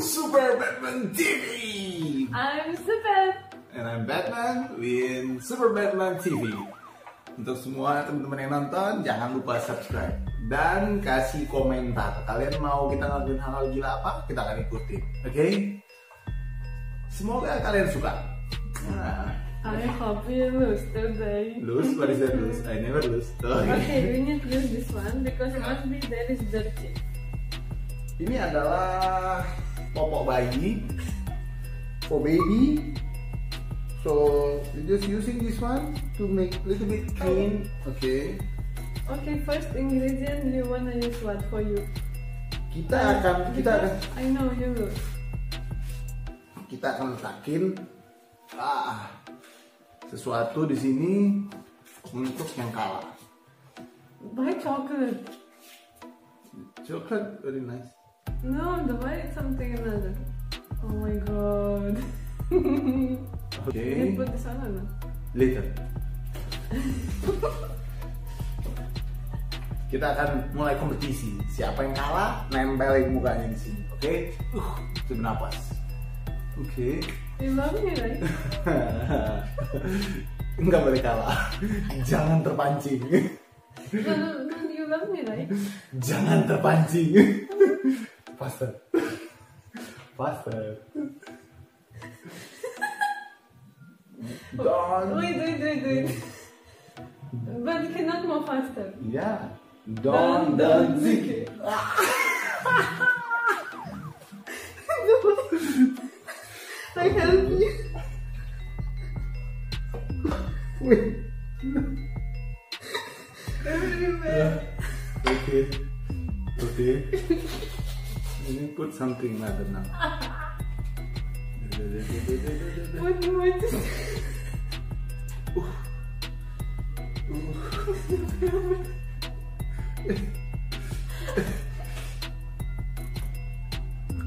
Super Batman TV. I'm Super. And I'm Batman with Super Batman TV. Untuk semua teman-teman yang nonton, jangan lupa subscribe dan kasih komentar. Kalian mau kita ngelakuin hal-hal gila apa? Kita akan ikuti. Oke? Okay? Semoga kalian suka. Nah. I you lose today. Lose? What is that lose? I never lose. Okay. okay, oh, we need to this one because must be there is dirty. Ini adalah popok bayi for baby so we just using this one to make a little bit clean okay okay first ingredient you wanna use what for you kita uh, akan kita akan I know you will. kita akan letakin ah sesuatu di sini untuk yang kalah. buy chocolate? Chocolate very nice. No, давай something another. Oh my god. okay. Did put this no? Later. Kita akan mulai kompetisi. Siapa yang kalah, nempelin mukanya di sini. Oke? Okay? Uh, itu bernapas. Oke. Okay. You love me, right? Enggak boleh kalah. Jangan terpancing. no, no, no, you love me, right? Jangan terpancing. Pasa. Pasa. Don. Wait, wait, wait, wait. But you cannot move faster. Yeah. Don, don, zike. I help you. Wait. Everywhere. Okay. Okay. then put something matter now. what do I do?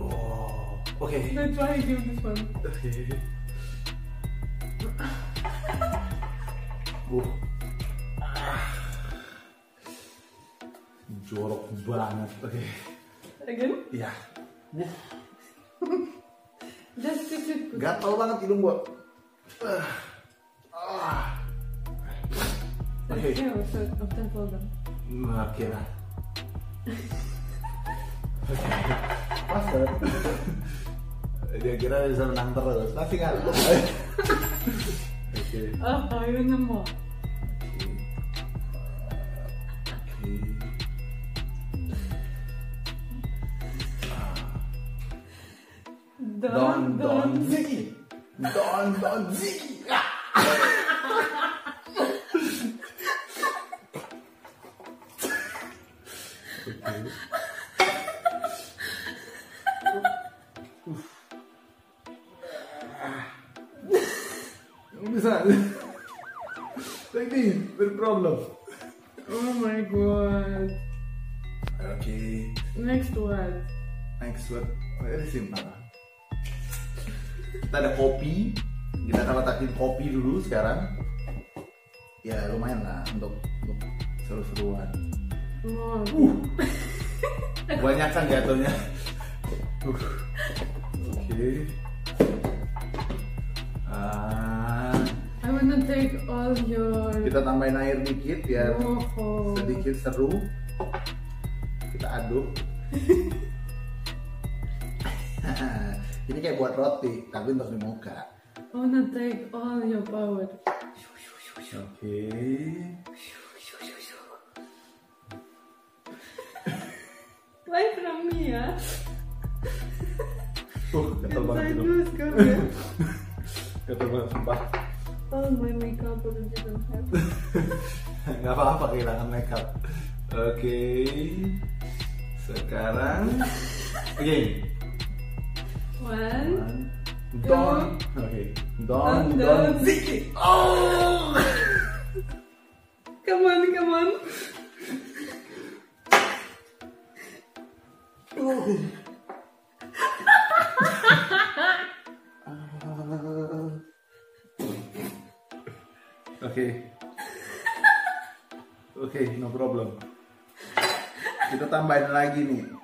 oh, okay. Let's try do this one. Okay. oh. Ah. Jorok banget. Okay. again iya just sip sip Gatal banget hidung gua uh. ah. Oke. Okay. Oke lah. Pas Dia kira bisa menang terus, tapi kan. Oke. Oh, ayo oh, nemu. Don, Don, Don Ziggy. Don, Don Ziggy. okay. Misal, like this, with problem. Oh my god. Okay. Next word. Next word. Very simple. kita ada kopi kita akan letakin kopi dulu sekarang ya lumayan lah untuk, untuk seru-seruan wow. Hmm. uh. banyak kan jatuhnya uh. oke okay. uh. I ah. wanna take all your kita tambahin air dikit biar oh. oh. sedikit seru kita aduk Jadi kayak buat roti, tapi untuk muka. I wanna take all your power. Oke. Okay. Life from me ya? Oh, uh, kata banget itu. Ya. gatel banget sumpah. Oh my makeup udah jadi ya. Gak apa-apa kehilangan makeup. Oke. Okay. Sekarang, oke. Okay. One. Don. Okay. Don. Don. Ziki. Oh. come on, come on. Oh. okay. okay, no problem. Kita tambahin lagi nih.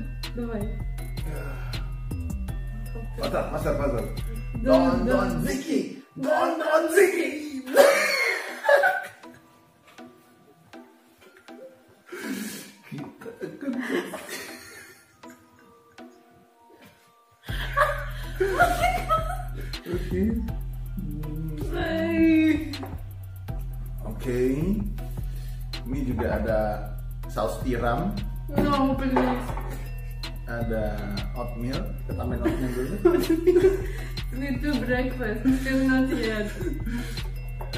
Давай. Фазал, Фазал, Don Дон, Дон, Зики. Дон, Дон, Oke. Ini juga ada saus tiram. No, please ada oatmeal kita tambahin oh. oatmeal dulu ini to breakfast still not yet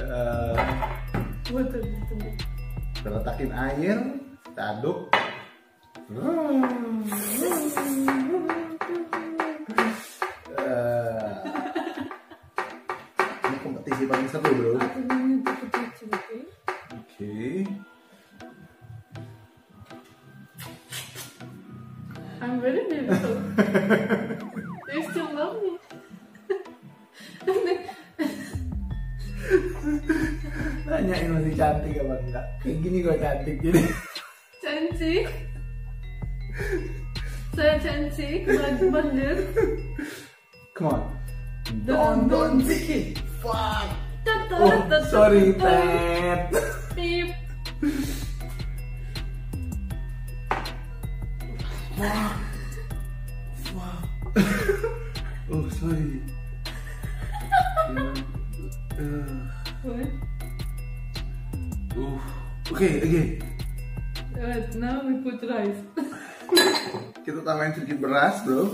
uh, eh, water kita letakin air kita aduk uh, ini kompetisi paling seru bro oke okay. I'm really beautiful. Do you still love me? Tanyain masih cantik apa enggak? Kayak gini gue cantik jadi. Cantik? Saya cantik, lagi banget. Come on. Don don Fuck. Oh, sorry, Ted. Beep. Wah. Wah. oh, sorry. uh. uh. What? Oh. Okay, again. Uh, now we put rice. Kita tambahin sedikit beras, bro.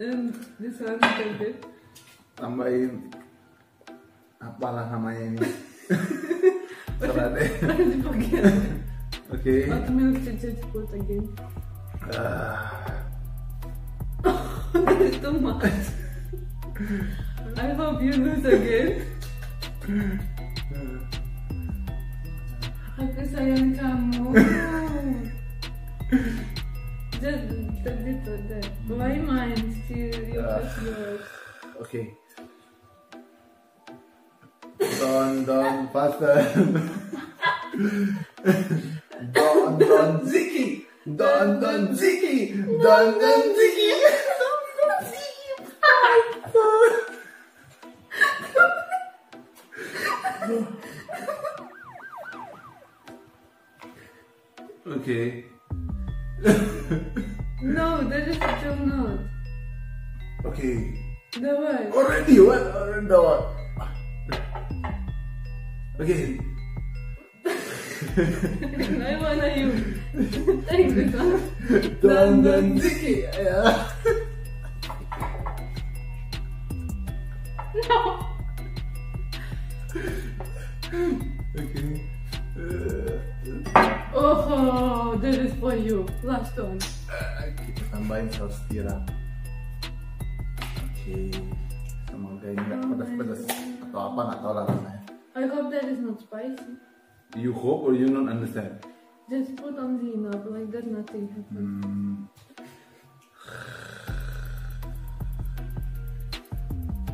And this one little bit. Tambahin apalah namanya ini. Oke. Okay. Oatmeal to just this is too much. I hope you lose again. I Aku sayang kamu. Just a bit of that. Why mine still? uh, yours. Okay. Don, don, faster. don, don, Ziki don't ziggy! don't ziggy! Dun dun ziggy! okay. no, that is still not. Okay. Давай. Already, what? Already, what? Okay. I wanna you. Thanks, Victor. Dan Dan Dicky. Yeah. No. Okay. Oh, this is for you. Last one. I'm buying dir da. Okay. Sama ini nggak pedas-pedas atau apa nggak tahu rasanya. I hope that is not spicy you hope or you don't understand? Just put on the knob, like that nothing happens.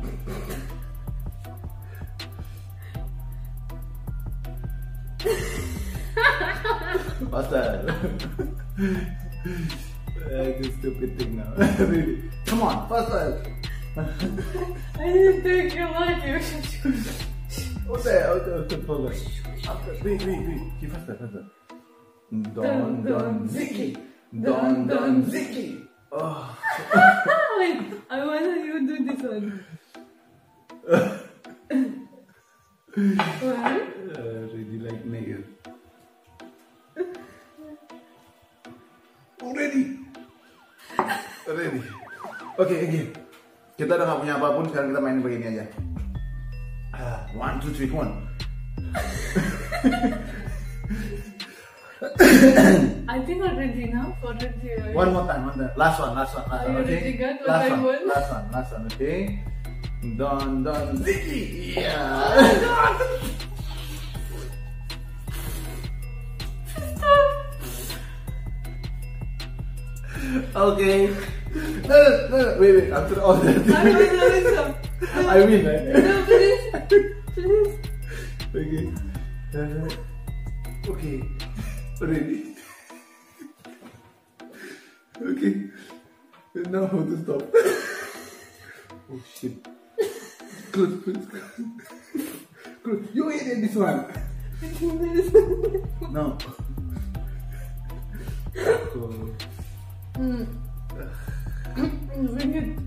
Mm. What's that? Eh, stupid thing now. Come on, faster! I didn't think you like it. What's that? Okay, okay, okay. Wait, wait, wait. Okay, faster, faster. Don, Don, Ziki. Don, Don, Ziki. Oh. wait, I wanted you do this one. what? Uh, like nail. Already. ready. okay, again, Kita udah gak punya apapun, sekarang kita main begini aja. Uh, one, two, three, one. I think already now. Already. One more time. One time. Last one. Last one. Last Are one. Okay. Got last, one. last one. Last one. Okay. Don Don Ziggy. Yeah. okay. No, no, no, wait, wait, after all that. I win, I win. I win, right? Okay. Uh, okay. Ready. okay. Now how to stop? oh shit. Close, please. Close. You ate this one. No. Mm. Uh. mm Drink